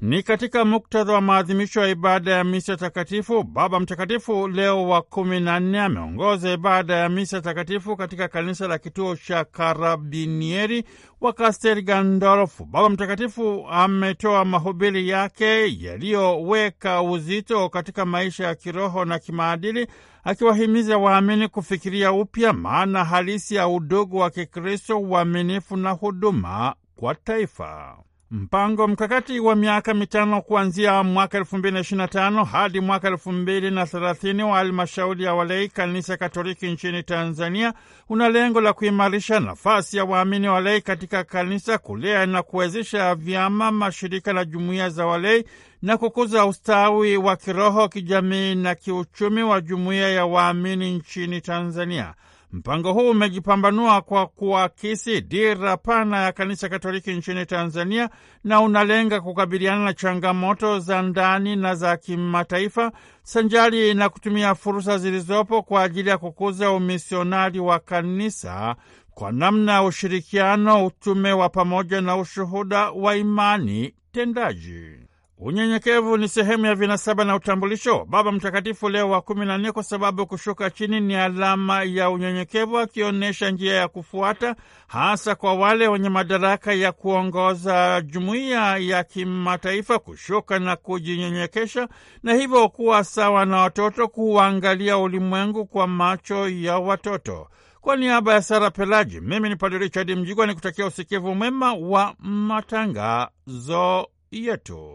Ni katika muktadha wa maadhimisho ya ibada ya misa takatifu, Baba Mtakatifu Leo wa kumi na nne ameongoza ibada ya misa takatifu katika kanisa la kituo cha Karabinieri wa Kastel Gandolfu. Baba Mtakatifu ametoa mahubiri yake yaliyoweka uzito katika maisha ya kiroho na kimaadili, akiwahimiza waamini kufikiria upya maana halisi ya udugu wa Kikristo, uaminifu na huduma kwa taifa. Mpango mkakati wa miaka mitano kuanzia mwaka elfu mbili na na tano hadi mwaka elfu mbili na thelathini wa halmashauri ya walei kanisa Katoliki nchini Tanzania una lengo la kuimarisha nafasi ya waamini walei katika kanisa, kulea na kuwezesha vyama, mashirika na jumuiya za walei na kukuza ustawi wa kiroho, kijamii na kiuchumi wa jumuiya ya waamini nchini Tanzania. Mpango huu umejipambanua kwa kuakisi dira pana ya Kanisa Katoliki nchini Tanzania na unalenga kukabiliana na changamoto za ndani na za kimataifa sanjari na kutumia fursa zilizopo kwa ajili ya kukuza umisionari wa kanisa kwa namna ya ushirikiano, utume wa pamoja na ushuhuda wa imani tendaji. Unyenyekevu ni sehemu ya vinasaba na utambulisho Baba Mtakatifu Leo wa kumi na nne, kwa sababu kushuka chini ni alama ya unyenyekevu, akionyesha njia ya kufuata hasa kwa wale wenye madaraka ya kuongoza jumuiya ya kimataifa, kushuka na kujinyenyekesha, na hivyo kuwa sawa na watoto, kuangalia ulimwengu kwa macho ya watoto. Kwa niaba ya Sara Pelaji, mimi ni Padre Richard Mjigwa, kutakia usikivu mwema wa matangazo yetu.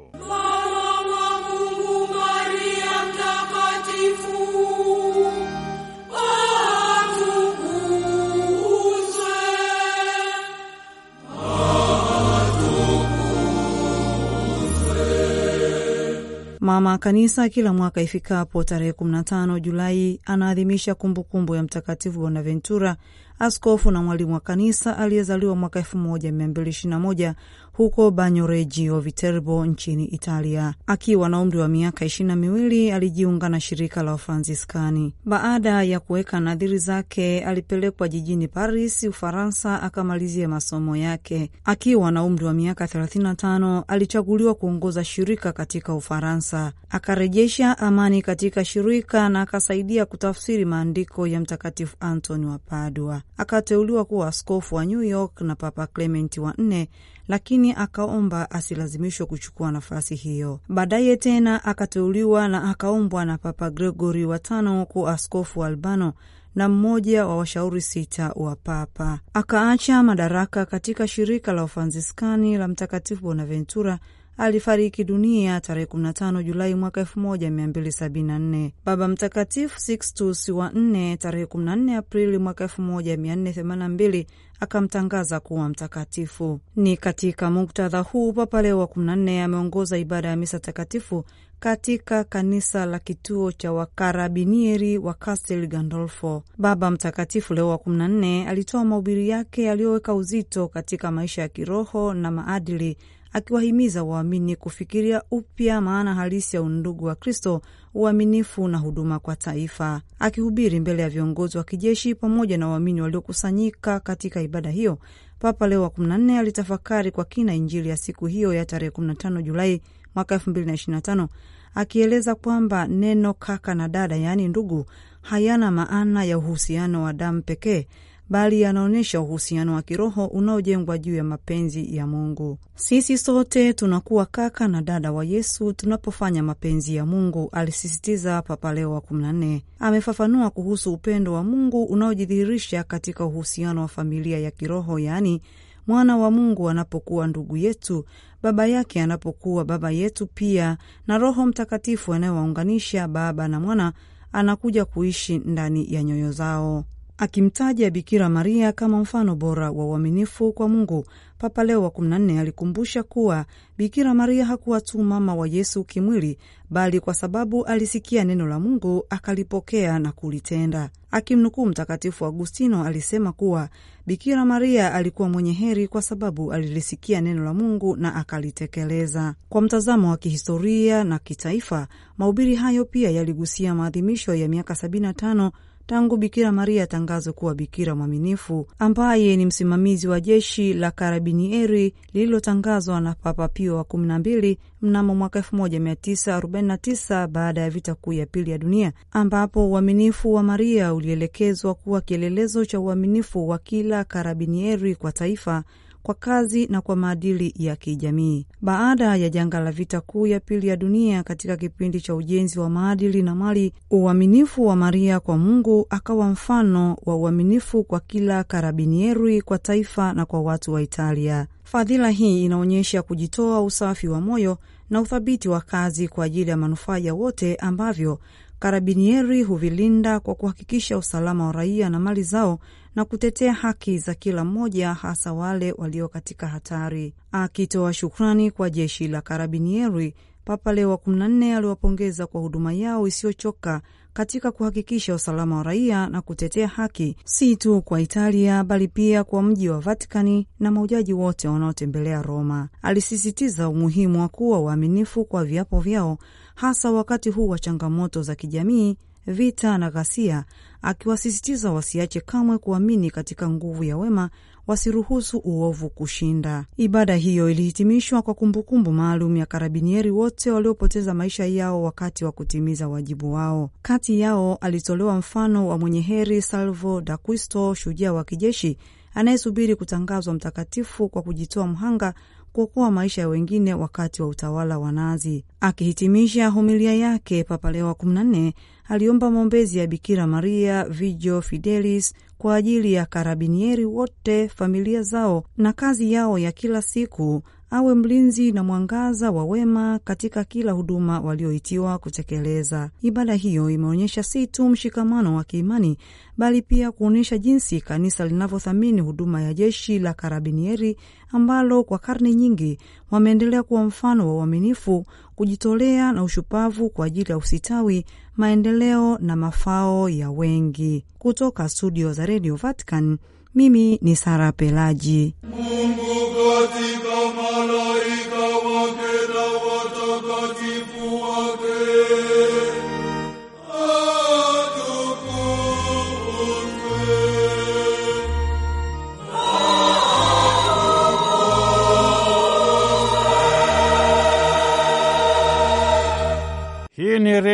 Mama Kanisa kila mwaka ifikapo tarehe 15 Julai anaadhimisha kumbukumbu ya Mtakatifu Bonaventura, askofu na mwalimu wa kanisa aliyezaliwa mwaka 1221 huko Banyoregio Viterbo nchini Italia. Akiwa na umri wa miaka ishirini na miwili alijiunga na shirika la Wafransiskani. Baada ya kuweka nadhiri zake, alipelekwa jijini Paris, Ufaransa, akamalizia masomo yake. Akiwa na umri wa miaka 35 alichaguliwa kuongoza shirika katika Ufaransa, akarejesha amani katika shirika na akasaidia kutafsiri maandiko ya Mtakatifu Antoni wa Padua. Akateuliwa kuwa askofu wa New York na Papa Clementi wa nne lakini akaomba asilazimishwe kuchukua nafasi hiyo. Baadaye tena akateuliwa na akaombwa na Papa Gregori watano kuwa askofu wa Albano na mmoja wa washauri sita wa Papa. Akaacha madaraka katika shirika la Ufransiskani la Mtakatifu Bonaventura alifariki dunia tarehe 15 Julai mwaka 1274. Baba Mtakatifu Sixtus wa nne tarehe 14 Aprili mwaka 1482 akamtangaza kuwa mtakatifu. Ni katika muktadha huu Papa Leo wa 14 ameongoza ibada ya misa takatifu katika kanisa la kituo cha wakarabinieri wa Castel Gandolfo. Baba Mtakatifu Leo wa 14 alitoa mahubiri yake yaliyoweka uzito katika maisha ya kiroho na maadili akiwahimiza waamini kufikiria upya maana halisi ya undugu wa Kristo, uaminifu na huduma kwa taifa. Akihubiri mbele ya viongozi wa kijeshi pamoja na waamini waliokusanyika katika ibada hiyo, Papa Leo wa 14 alitafakari kwa kina Injili ya siku hiyo ya tarehe 15 Julai mwaka 2025 akieleza kwamba neno kaka na dada, yaani ndugu, hayana maana ya uhusiano wa damu pekee bali yanaonyesha uhusiano wa kiroho unaojengwa juu ya mapenzi ya Mungu. Sisi sote tunakuwa kaka na dada wa Yesu tunapofanya mapenzi ya Mungu, alisisitiza Papa Leo wa kumi na nne. Amefafanua kuhusu upendo wa Mungu unaojidhihirisha katika uhusiano wa familia ya kiroho, yaani mwana wa Mungu anapokuwa ndugu yetu, baba yake anapokuwa baba yetu pia, na Roho Mtakatifu anayewaunganisha Baba na Mwana anakuja kuishi ndani ya nyoyo zao akimtaja Bikira Maria kama mfano bora wa uaminifu kwa Mungu. Papa Leo wa 14 alikumbusha kuwa Bikira Maria hakuwa tu mama wa Yesu kimwili, bali kwa sababu alisikia neno la Mungu akalipokea na kulitenda. Akimnukuu Mtakatifu Agustino alisema kuwa Bikira Maria alikuwa mwenye heri kwa sababu alilisikia neno la Mungu na akalitekeleza. Kwa mtazamo wa kihistoria na kitaifa, mahubiri hayo pia yaligusia maadhimisho ya miaka 75 tangu Bikira Maria atangazwe kuwa bikira mwaminifu, ambaye ni msimamizi wa jeshi la karabinieri lililotangazwa na Papa Pio wa 12 mnamo mwaka 1949 baada ya vita kuu ya pili ya dunia, ambapo uaminifu wa Maria ulielekezwa kuwa kielelezo cha uaminifu wa kila karabinieri kwa taifa kwa kazi na kwa maadili ya kijamii. Baada ya janga la vita kuu ya pili ya dunia, katika kipindi cha ujenzi wa maadili na mali, uaminifu wa Maria kwa Mungu akawa mfano wa uaminifu kwa kila karabinieri, kwa taifa na kwa watu wa Italia. Fadhila hii inaonyesha kujitoa, usafi wa moyo na uthabiti wa kazi kwa ajili ya manufaa ya wote ambavyo Karabinieri huvilinda kwa kuhakikisha usalama wa raia na mali zao na kutetea haki za kila mmoja, hasa wale walio katika hatari. Akitoa shukrani kwa jeshi la Karabinieri, Papa Leo wa 14 aliwapongeza kwa huduma yao isiyochoka katika kuhakikisha usalama wa raia na kutetea haki, si tu kwa Italia bali pia kwa mji wa Vatikani na maujaji wote wanaotembelea Roma. Alisisitiza umuhimu wa kuwa waaminifu kwa viapo vyao hasa wakati huu wa changamoto za kijamii, vita na ghasia, akiwasisitiza wasiache kamwe kuamini katika nguvu ya wema, wasiruhusu uovu kushinda. Ibada hiyo ilihitimishwa kwa kumbukumbu maalum ya karabinieri wote waliopoteza maisha yao wakati wa kutimiza wajibu wao. Kati yao alitolewa mfano wa mwenye heri Salvo D'Acquisto, shujaa wa kijeshi anayesubiri kutangazwa mtakatifu kwa kujitoa mhanga kuokoa maisha ya wengine wakati wa utawala wa Nazi. Akihitimisha homilia yake, Papa Leo wa 14 aliomba maombezi ya Bikira Maria vijo Fidelis kwa ajili ya karabinieri wote, familia zao na kazi yao ya kila siku awe mlinzi na mwangaza wa wema katika kila huduma walioitiwa kutekeleza. Ibada hiyo imeonyesha si tu mshikamano wa kiimani, bali pia kuonyesha jinsi kanisa linavyothamini huduma ya jeshi la karabinieri ambalo kwa karne nyingi wameendelea kuwa mfano wa uaminifu, kujitolea na ushupavu kwa ajili ya usitawi, maendeleo na mafao ya wengi. Kutoka studio za Radio Vatican, mimi ni Sara Pelaji Mungu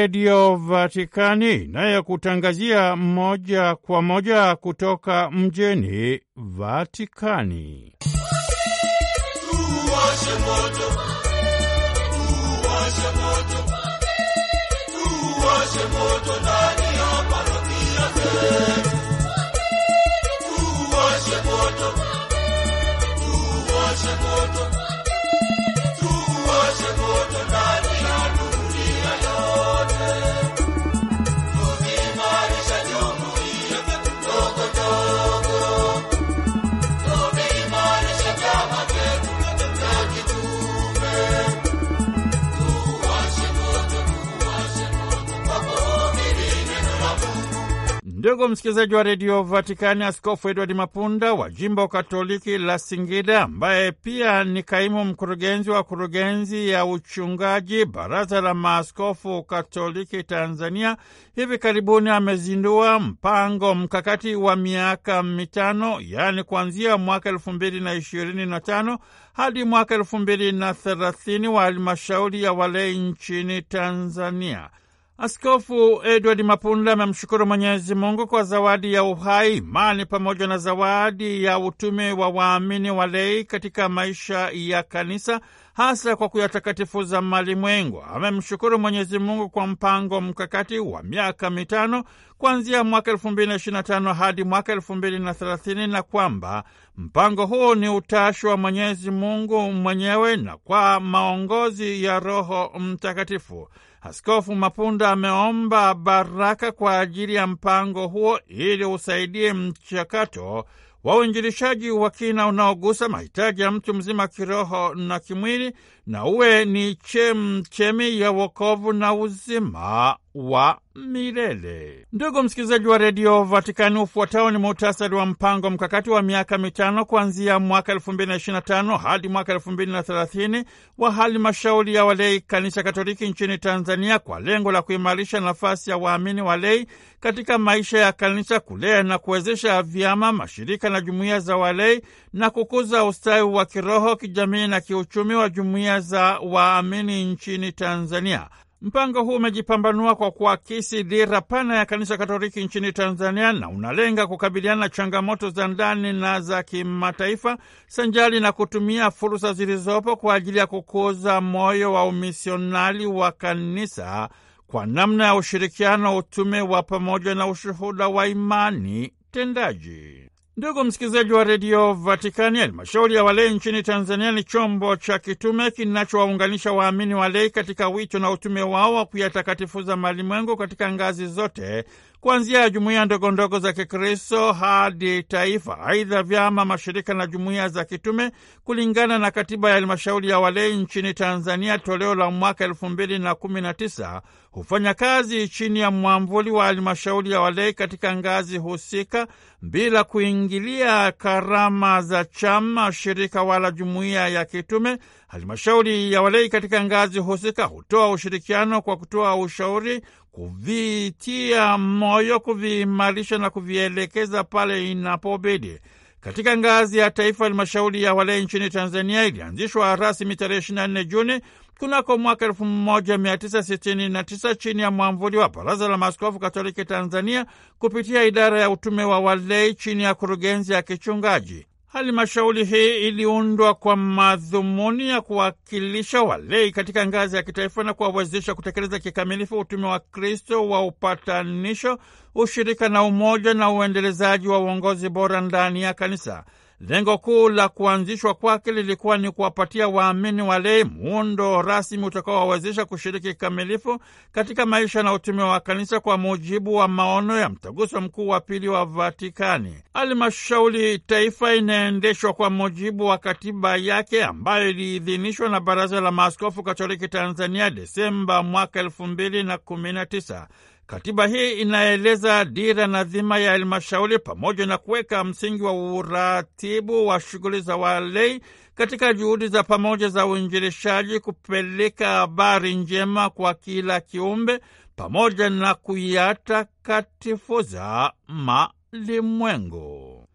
Redio Vatikani inayokutangazia moja kwa moja kutoka mjini Vatikani. Tuwashe moto ndani ya parokia zetu. Ndugu msikilizaji wa redio Vatikani, Askofu Edward Mapunda wa jimbo Katoliki la Singida, ambaye pia ni kaimu mkurugenzi wa kurugenzi ya uchungaji Baraza la Maaskofu Katoliki Tanzania, hivi karibuni amezindua mpango mkakati wa miaka mitano, yaani kuanzia mwaka elfu mbili na ishirini na tano hadi mwaka elfu mbili na thelathini wa halmashauri ya walei nchini Tanzania. Askofu Edward Mapunda amemshukuru Mwenyezi Mungu kwa zawadi ya uhai, mali pamoja na zawadi ya utume wa waamini walei katika maisha ya kanisa, hasa kwa kuyatakatifuza malimwengu. Amemshukuru Mwenyezi Mungu kwa mpango mkakati wa miaka mitano kuanzia mwaka elfu mbili na na tano hadi mwaka elfu mbili na thelathini na kwamba mpango huu ni utashi wa Mwenyezi Mungu mwenyewe na kwa maongozi ya Roho Mtakatifu. Askofu Mapunda ameomba baraka kwa ajili ya mpango huo ili usaidie mchakato wa uinjilishaji wa kina unaogusa mahitaji ya mtu mzima kiroho na kimwili na uwe ni chemchemi ya wokovu na uzima wa milele. Ndugu msikilizaji wa redio Vatikani, ufuatao ni muhtasari wa mpango mkakati wa miaka mitano kuanzia mwaka elfu mbili na na tano hadi mwaka elfu mbili na thelathini wa halmashauri ya walei kanisa Katoliki nchini Tanzania kwa lengo la kuimarisha nafasi ya waamini walei katika maisha ya kanisa, kulea na kuwezesha vyama, mashirika na jumuiya za walei na kukuza ustawi wa kiroho, kijamii na kiuchumi wa jumuiya za waamini nchini Tanzania. Mpango huu umejipambanua kwa kuakisi dira pana ya kanisa Katoliki nchini Tanzania na unalenga kukabiliana na changamoto za ndani na za kimataifa sanjali na kutumia fursa zilizopo kwa ajili ya kukuza moyo wa umisionali wa kanisa kwa namna ya ushirikiano, utume wa pamoja na ushuhuda wa imani tendaji. Ndugu msikilizaji wa redio Vatikani, halmashauri ya walei nchini Tanzania ni chombo cha kitume kinachowaunganisha waamini walei katika wito na utume wao wa kuyatakatifuza malimwengu katika ngazi zote kuanzia ya jumuiya ndogondogo za Kikristo hadi taifa. Aidha, vyama, mashirika na jumuiya za kitume kulingana na katiba ya halmashauri ya walei nchini Tanzania toleo la mwaka elfu mbili na kumi na tisa hufanya kazi chini ya mwamvuli wa halmashauri ya walei katika ngazi husika bila kuingilia karama za chama, shirika wala jumuiya ya kitume. Halmashauri ya walei katika ngazi husika hutoa ushirikiano kwa kutoa ushauri kuvitia moyo, kuviimarisha na kuvielekeza pale inapobidi. Katika ngazi ya taifa, halmashauri ya walei nchini Tanzania ilianzishwa rasmi tarehe 24 Juni kunako mwaka 1969 chini ya mwamvuli wa Baraza la Maaskofu Katoliki Tanzania kupitia idara ya utume wa walei chini ya kurugenzi ya kichungaji. Halmashauri hii iliundwa kwa madhumuni ya kuwakilisha walei katika ngazi ya kitaifa na kuwawezesha kutekeleza kikamilifu utume wa Kristo wa upatanisho, ushirika na umoja na uendelezaji wa uongozi bora ndani ya kanisa. Lengo kuu la kuanzishwa kwake lilikuwa ni kuwapatia waamini walei muundo rasmi utakaowawezesha kushiriki kikamilifu katika maisha na utume wa kanisa kwa mujibu wa maono ya mtaguso mkuu wa pili wa Vatikani. Halmashauri taifa inaendeshwa kwa mujibu wa katiba yake ambayo iliidhinishwa na Baraza la Maaskofu Katoliki Tanzania Desemba mwaka elfu mbili na kumi na tisa. Katiba hii inaeleza dira na dhima ya halmashauri pamoja na kuweka msingi wa uratibu wa shughuli za walei katika juhudi za pamoja za uinjilishaji, kupeleka habari njema kwa kila kiumbe pamoja na kuyatakatifuza malimwengu.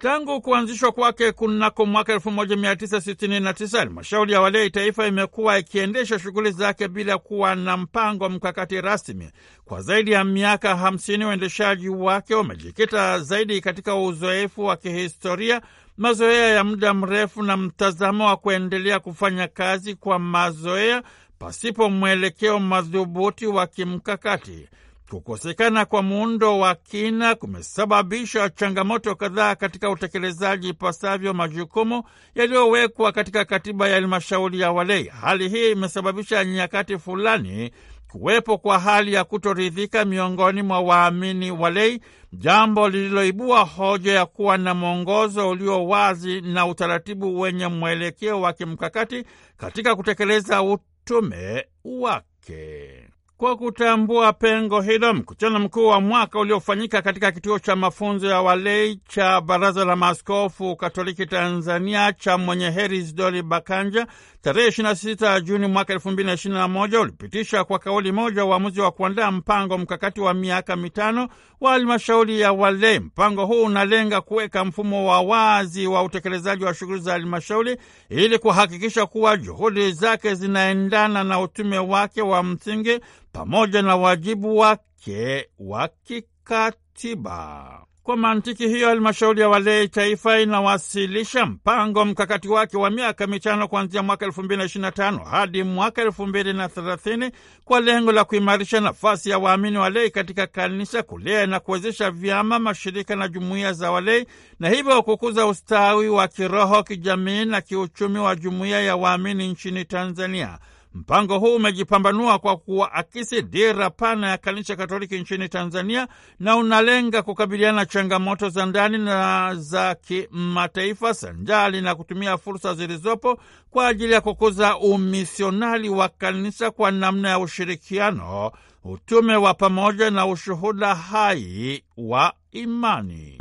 Tangu kuanzishwa kwake kunako mwaka 1969 halmashauri ya walei taifa imekuwa ikiendesha shughuli zake bila kuwa na mpango mkakati rasmi. Kwa zaidi ya miaka 50 uendeshaji wake umejikita zaidi katika uzoefu wa kihistoria, mazoea ya muda mrefu na mtazamo wa kuendelea kufanya kazi kwa mazoea pasipo mwelekeo madhubuti wa kimkakati. Kukosekana kwa muundo wa kina kumesababisha changamoto kadhaa katika utekelezaji ipasavyo majukumu yaliyowekwa katika katiba ya halmashauri ya walei. Hali hii imesababisha nyakati fulani kuwepo kwa hali ya kutoridhika miongoni mwa waamini walei, jambo lililoibua hoja ya kuwa na mwongozo ulio wazi na utaratibu wenye mwelekeo wa kimkakati katika kutekeleza utume wake. Kwa kutambua pengo hilo, mkutano mkuu wa mwaka uliofanyika katika kituo cha mafunzo ya walei cha Baraza la Maaskofu Katoliki Tanzania cha Mwenye Heri Isidori Bakanja tarehe 26 Juni mwaka 2021 ulipitisha kwa kauli moja uamuzi wa kuandaa mpango mkakati wa miaka mitano wa halmashauri ya Wale. Mpango huu unalenga kuweka mfumo wa wazi wa utekelezaji wa shughuli za halmashauri ili kuhakikisha kuwa juhudi zake zinaendana na utume wake wa msingi pamoja na wajibu wake wa kikatiba. Kwa mantiki hiyo, halmashauri ya walei taifa inawasilisha mpango mkakati wake wa miaka mitano kuanzia mwaka elfu mbili na na tano hadi mwaka elfu mbili na thelathini kwa lengo la kuimarisha nafasi ya waamini walei katika kanisa, kulea na kuwezesha vyama, mashirika na jumuiya za walei, na hivyo kukuza ustawi wa kiroho, kijamii na kiuchumi wa jumuiya ya waamini nchini Tanzania. Mpango huu umejipambanua kwa kuwaakisi dira pana ya Kanisa Katoliki nchini Tanzania na unalenga kukabiliana changamoto za ndani na za kimataifa sanjali na kutumia fursa zilizopo kwa ajili ya kukuza umisionari wa kanisa kwa namna ya ushirikiano, utume wa pamoja na ushuhuda hai wa imani.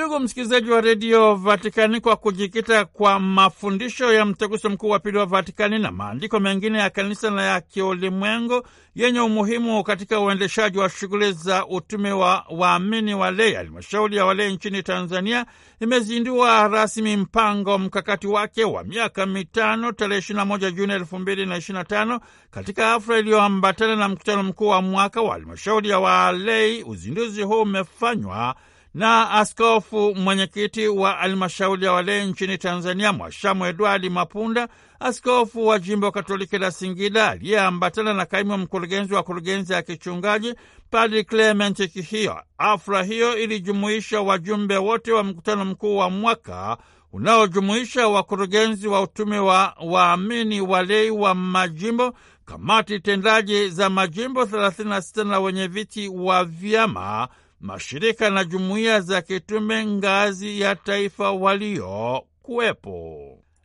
Ndugu msikilizaji wa redio Vatikani, kwa kujikita kwa mafundisho ya mtaguso mkuu wa pili wa Vatikani na maandiko mengine ya kanisa na ya kiulimwengu yenye umuhimu katika uendeshaji wa shughuli za utume wa waamini walei, halmashauri ya walei nchini Tanzania imezindua rasmi mpango mkakati wake wa miaka mitano tarehe 21 Juni 2025 katika hafla iliyoambatana na mkutano mkuu wa mwaka wa halmashauri ya walei. Uzinduzi huu umefanywa na askofu mwenyekiti wa almashauri ya walei nchini Tanzania, Mwashamu Edwadi Mapunda, askofu wa jimbo Katoliki la Singida aliyeambatana na kaimu mkurugenzi wa kurugenzi ya kichungaji Padri Clement Kihio. Afra hiyo ilijumuisha wajumbe wote wa mkutano mkuu wa mwaka unaojumuisha wakurugenzi wa utume wa waamini walei wa majimbo, kamati tendaji za majimbo 36 na wenye viti wa vyama mashirika na jumuiya za kitume ngazi ya taifa waliokuwepo.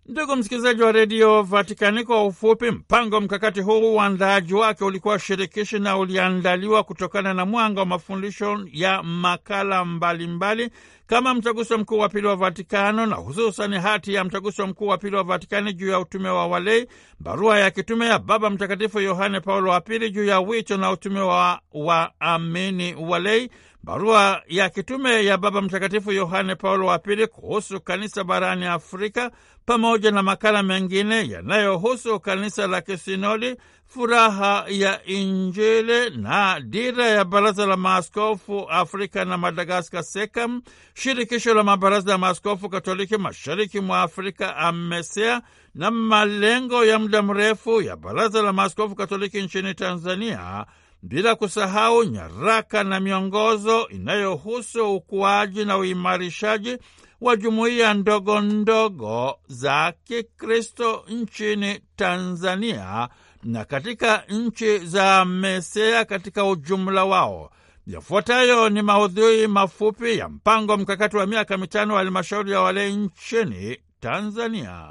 Ndugu msikilizaji wa redio Vatikani, kwa ufupi, mpango mkakati huu uandaaji wake ulikuwa shirikishi na uliandaliwa kutokana na mwanga wa mafundisho ya makala mbalimbali mbali, kama mtaguso mkuu wa pili wa Vatikano na hususani hati ya mtaguso mkuu wa pili wa Vatikani juu ya utume wa walei, barua ya kitume ya Baba Mtakatifu Yohane Paulo wa Pili juu ya wito na utume wa waamini walei Barua ya kitume ya Baba Mtakatifu Yohane Paulo wa Pili kuhusu kanisa barani Afrika pamoja na makala mengine yanayohusu kanisa la kisinodi, furaha ya Injili na dira ya Baraza la Maaskofu Afrika na Madagaskar, SECAM, shirikisho la mabaraza ya maaskofu Katoliki mashariki mwa Afrika, AMESEA, na malengo ya muda mrefu ya Baraza la Maaskofu Katoliki nchini Tanzania bila kusahau nyaraka na miongozo inayohusu ukuaji na uimarishaji wa jumuiya ndogo ndogo za Kikristo nchini Tanzania na katika nchi za MESEA katika ujumla wao. Yafuatayo ni maudhui mafupi ya mpango mkakati wa miaka mitano wa halmashauri ya walei nchini Tanzania.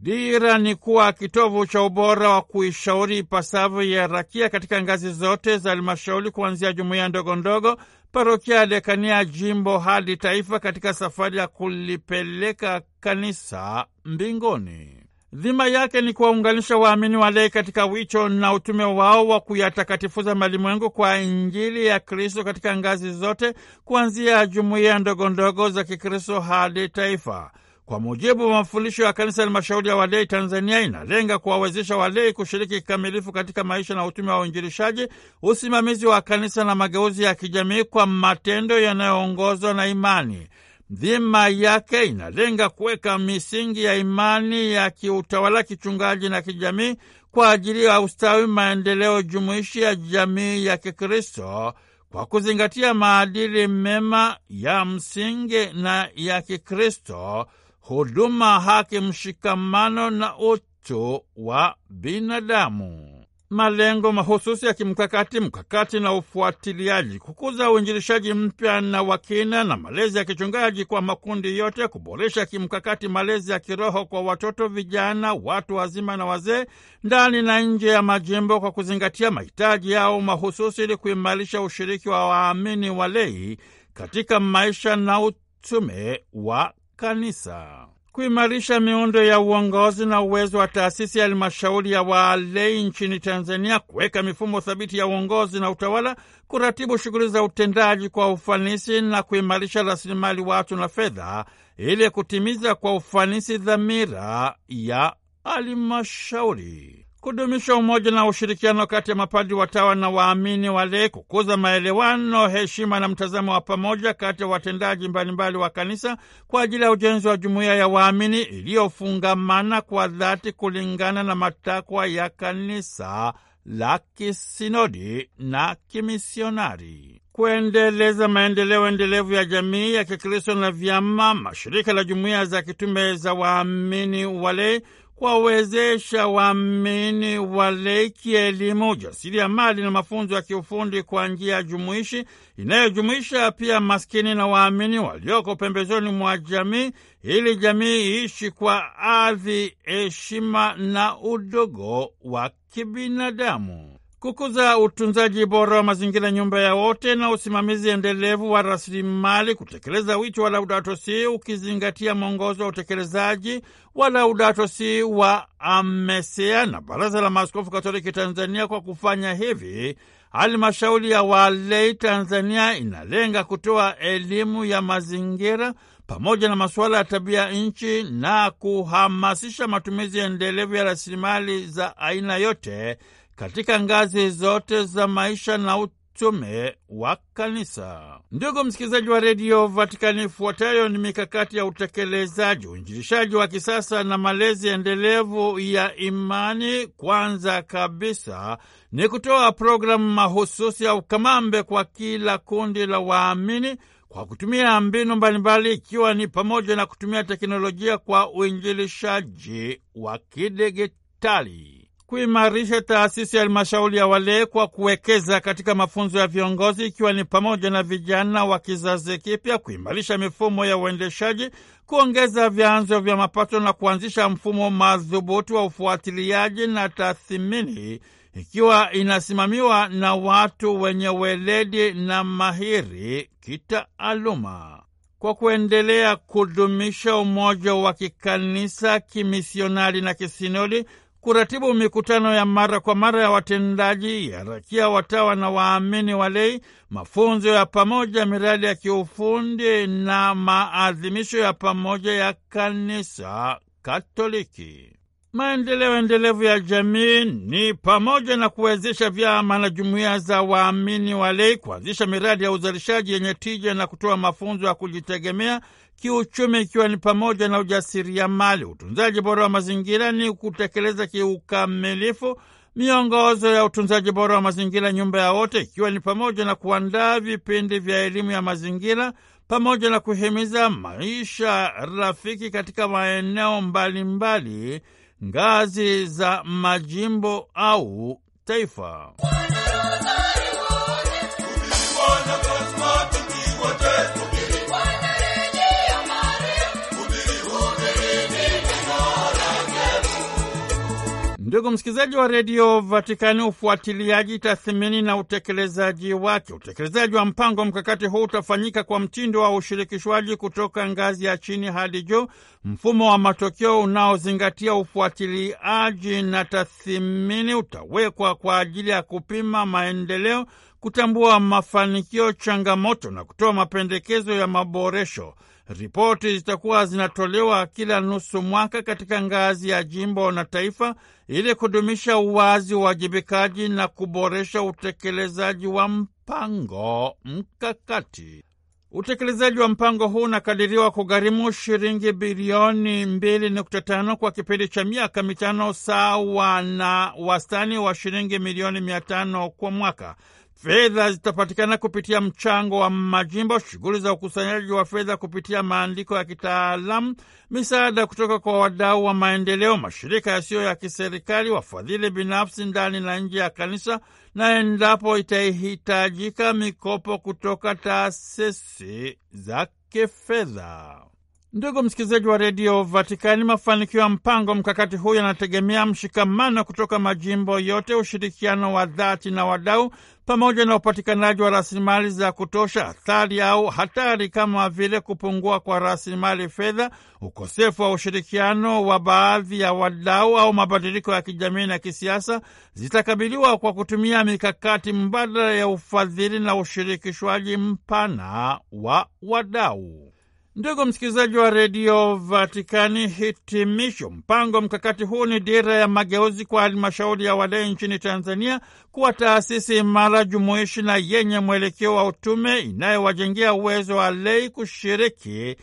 Dira ni kuwa kitovu cha ubora wa kuishauri ipasavyo rakia katika ngazi zote za halmashauri kuanzia jumuiya ndogo ndogo, parokia, dekania, jimbo hadi taifa, katika safari ya kulipeleka kanisa mbinguni. Dhima yake ni kuwaunganisha waamini walei katika wicho na utume wao wa kuyatakatifuza malimwengu kwa Injili ya Kristo katika ngazi zote, kuanzia jumuiya ndogo ndogo za Kikristo hadi taifa. Kwa mujibu wa mafundisho ya Kanisa, halmashauri ya walei Tanzania inalenga kuwawezesha walei kushiriki kikamilifu katika maisha na utume wa uinjilishaji, usimamizi wa kanisa na mageuzi ya kijamii kwa matendo yanayoongozwa na imani. Dhima yake inalenga kuweka misingi ya imani ya kiutawala, kichungaji na kijamii kwa ajili ya ustawi, maendeleo jumuishi ya jamii ya Kikristo kwa kuzingatia maadili mema ya msingi na ya Kikristo huduma, haki, mshikamano na utu wa binadamu. Malengo mahususi ya kimkakati, mkakati na ufuatiliaji: kukuza uinjilishaji mpya na wakina na malezi ya kichungaji kwa makundi yote; kuboresha kimkakati malezi ya kiroho kwa watoto, vijana, watu wazima na wazee ndani na nje ya majimbo kwa kuzingatia mahitaji yao mahususi, ili kuimarisha ushiriki wa waamini walei katika maisha na utume wa kanisa kuimarisha miundo ya uongozi na uwezo wa taasisi ya halmashauri ya waalei nchini Tanzania, kuweka mifumo thabiti ya uongozi na utawala, kuratibu shughuli za utendaji kwa ufanisi na kuimarisha rasilimali watu na fedha, ili kutimiza kwa ufanisi dhamira ya halmashauri kudumisha umoja na ushirikiano kati ya mapadri, watawa na waamini walei, kukuza maelewano, heshima na mtazamo wa pamoja kati ya watendaji mbalimbali wa kanisa kwa ajili ya ujenzi wa jumuiya ya waamini iliyofungamana kwa dhati kulingana na matakwa ya kanisa la kisinodi na kimisionari kuendeleza maendeleo endelevu ya jamii ya Kikristo na vyama mashirika la jumuiya za kitume za waamini walei kuwawezesha waamini waleki elimu, mali na mafunzo ya kiufundi kwa njia ya jumuishi inayojumuisha pia maskini na waamini walioko pembezoni mwa jamii, ili jamii iishi kwa ardhi, heshima na udogo wa kibinadamu kukuza utunzaji bora wa mazingira, nyumba ya wote, na usimamizi endelevu wa rasilimali, kutekeleza wito wa Laudato Si ukizingatia mwongozo wa utekelezaji wa Laudato Si wa amesea na Baraza la Maaskofu Katoliki Tanzania. Kwa kufanya hivi, halmashauri ya walei Tanzania inalenga kutoa elimu ya mazingira pamoja na masuala ya tabia nchi na kuhamasisha matumizi endelevu ya rasilimali za aina yote katika ngazi zote za maisha na utume wa kanisa. Ndugu msikilizaji wa redio Vatikani, ifuatayo ni mikakati ya utekelezaji, uinjilishaji wa kisasa na malezi endelevu ya imani. Kwanza kabisa ni kutoa programu mahususi au kamambe kwa kila kundi la waamini kwa kutumia mbinu mbalimbali ikiwa ni pamoja na kutumia teknolojia kwa uinjilishaji wa kidigitali kuimarisha taasisi ya halmashauri ya Walee kwa kuwekeza katika mafunzo ya viongozi ikiwa ni pamoja na vijana wa kizazi kipya, kuimarisha mifumo ya uendeshaji, kuongeza vyanzo vya mapato na kuanzisha mfumo madhubuti wa ufuatiliaji na tathmini, ikiwa inasimamiwa na watu wenye weledi na mahiri kitaaluma kwa kuendelea kudumisha umoja wa kikanisa, kimisionari na kisinodi kuratibu mikutano ya mara kwa mara ya watendaji, ya rakia, watawa na waamini walei, mafunzo ya pamoja, miradi ya kiufundi na maadhimisho ya pamoja ya Kanisa Katoliki. Maendeleo endelevu ya jamii ni pamoja na kuwezesha vyama na jumuiya za waamini walei kuanzisha miradi ya uzalishaji yenye tija na kutoa mafunzo ya kujitegemea kiuchumi, ikiwa ni pamoja na ujasiriamali. Utunzaji bora wa mazingira ni kutekeleza kiukamilifu miongozo ya utunzaji bora wa mazingira nyumba ya wote, ikiwa ni pamoja na kuandaa vipindi vya elimu ya mazingira pamoja na kuhimiza maisha rafiki katika maeneo mbalimbali, ngazi za majimbo au taifa. Ndugu msikilizaji wa redio Vatikani, ufuatiliaji, tathmini na utekelezaji wake. Utekelezaji wa mpango mkakati huu utafanyika kwa mtindo wa ushirikishwaji kutoka ngazi ya chini hadi juu, mfumo wa matokeo unaozingatia ufuatiliaji na tathmini utawekwa kwa ajili ya kupima maendeleo, kutambua mafanikio, changamoto na kutoa mapendekezo ya maboresho. Ripoti zitakuwa zinatolewa kila nusu mwaka katika ngazi ya jimbo na taifa ili kudumisha uwazi, uwajibikaji na kuboresha utekelezaji wa mpango mkakati. Utekelezaji wa mpango huu unakadiriwa kugharimu shilingi bilioni 2.5 kwa kipindi cha miaka mitano, sawa na wastani wa shilingi milioni 500 kwa mwaka. Fedha zitapatikana kupitia mchango wa majimbo, shughuli za ukusanyaji wa fedha kupitia maandiko ya kitaalamu, misaada kutoka kwa wadau wa maendeleo, mashirika yasiyo ya kiserikali, wafadhili binafsi ndani na nje ya kanisa, na endapo itahitajika, mikopo kutoka taasisi za kifedha. Ndugu msikilizaji wa redio Vatikani, mafanikio ya mpango mkakati huu yanategemea mshikamano kutoka majimbo yote, ushirikiano wa dhati na wadau, pamoja na upatikanaji wa rasilimali za kutosha. Athari au hatari kama vile kupungua kwa rasilimali fedha, ukosefu wa ushirikiano wa baadhi ya wadau au mabadiliko ya kijamii na kisiasa zitakabiliwa kwa kutumia mikakati mbadala ya ufadhili na ushirikishwaji mpana wa wadau. Ndugu msikilizaji wa redio Vatikani, hitimisho. Mpango mkakati huu ni dira ya mageuzi kwa halmashauri ya walei nchini Tanzania kuwa taasisi imara, jumuishi na yenye mwelekeo wa utume inayowajengea uwezo wa lei kushiriki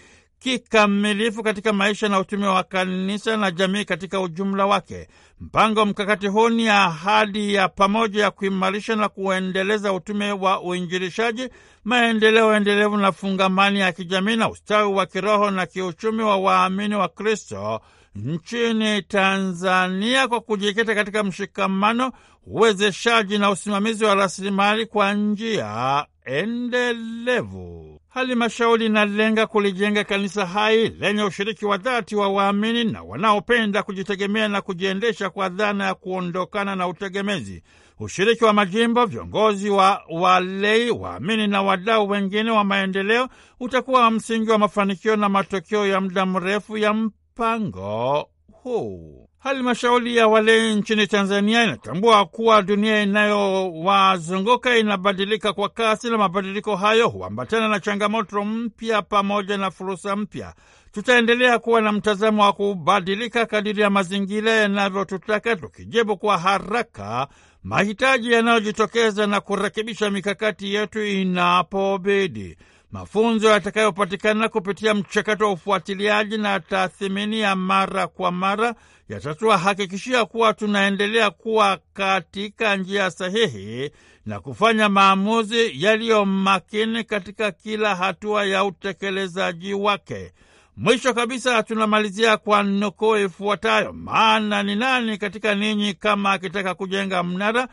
kikamilifu katika maisha na utume wa kanisa na jamii katika ujumla wake. Mpango mkakati huu ni ahadi ya pamoja ya kuimarisha na kuendeleza utume wa uinjilishaji, maendeleo endelevu na fungamani ya kijamii na ustawi wa kiroho na kiuchumi wa waamini wa Kristo nchini Tanzania kwa kujikita katika mshikamano, uwezeshaji na usimamizi wa rasilimali kwa njia endelevu halimashauri inalenga kulijenga kanisa hai lenye ushiriki wa dhati wa waamini na wanaopenda kujitegemea na kujiendesha kwa dhana ya kuondokana na utegemezi. Ushiriki wa majimbo, viongozi wa walei, waamini na wadau wengine wa maendeleo utakuwa msingi wa mafanikio na matokeo ya muda mrefu ya mpango huu. Halmashauri ya Walei nchini Tanzania inatambua kuwa dunia inayowazunguka inabadilika kwa kasi, na mabadiliko hayo huambatana na changamoto mpya pamoja na fursa mpya. Tutaendelea kuwa na mtazamo wa kubadilika kadiri ya mazingira yanavyotutaka, tukijibu kwa haraka mahitaji yanayojitokeza na kurekebisha mikakati yetu inapobidi mafunzo yatakayopatikana kupitia mchakato wa ufuatiliaji na tathmini ya mara kwa mara yatatuwahakikishia kuwa tunaendelea kuwa katika njia sahihi na kufanya maamuzi yaliyo makini katika kila hatua ya utekelezaji wake. Mwisho kabisa tunamalizia kwa nukuu ifuatayo: maana ni nani katika ninyi kama akitaka kujenga mnara,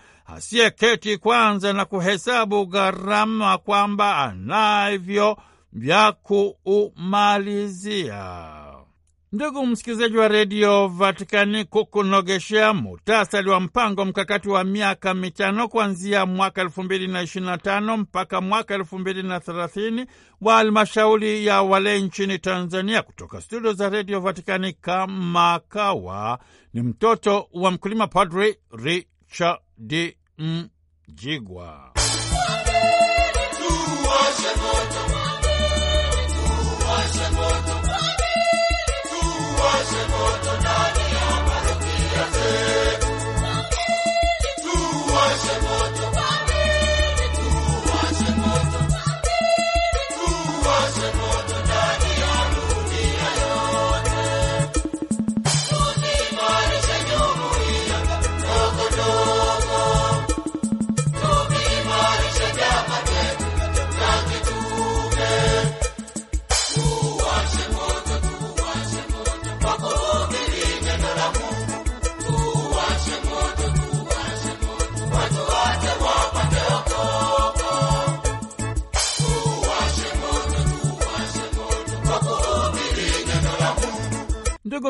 keti kwanza na kuhesabu gharama, kwamba anavyo vya kuumalizia? Ndugu msikilizaji wa redio Vatikani, kukunogeshea muhtasari wa mpango mkakati wa miaka mitano kuanzia mwaka elfu mbili na ishirini na tano mpaka mwaka elfu mbili na thelathini wa halmashauri ya wale nchini Tanzania. Kutoka studio za redio Vatikani, kama kawa ni mtoto wa mkulima, Padri Richard Mjigwa.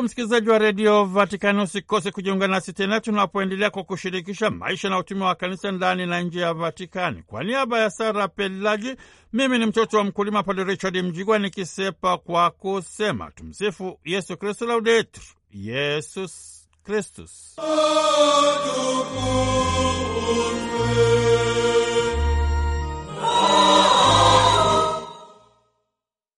Ndugu msikilizaji wa redio Vatikani, usikose kujiunga nasi tena tunapoendelea kwa kushirikisha maisha na utume wa kanisa ndani na nje ya Vatikani. Kwa niaba ya Sara Pelaji, mimi ni mtoto wa mkulima Padre Richard Mjigwa nikisepa kwa kusema tumsifu Yesu Kristu, laudetur Yesus Kristus.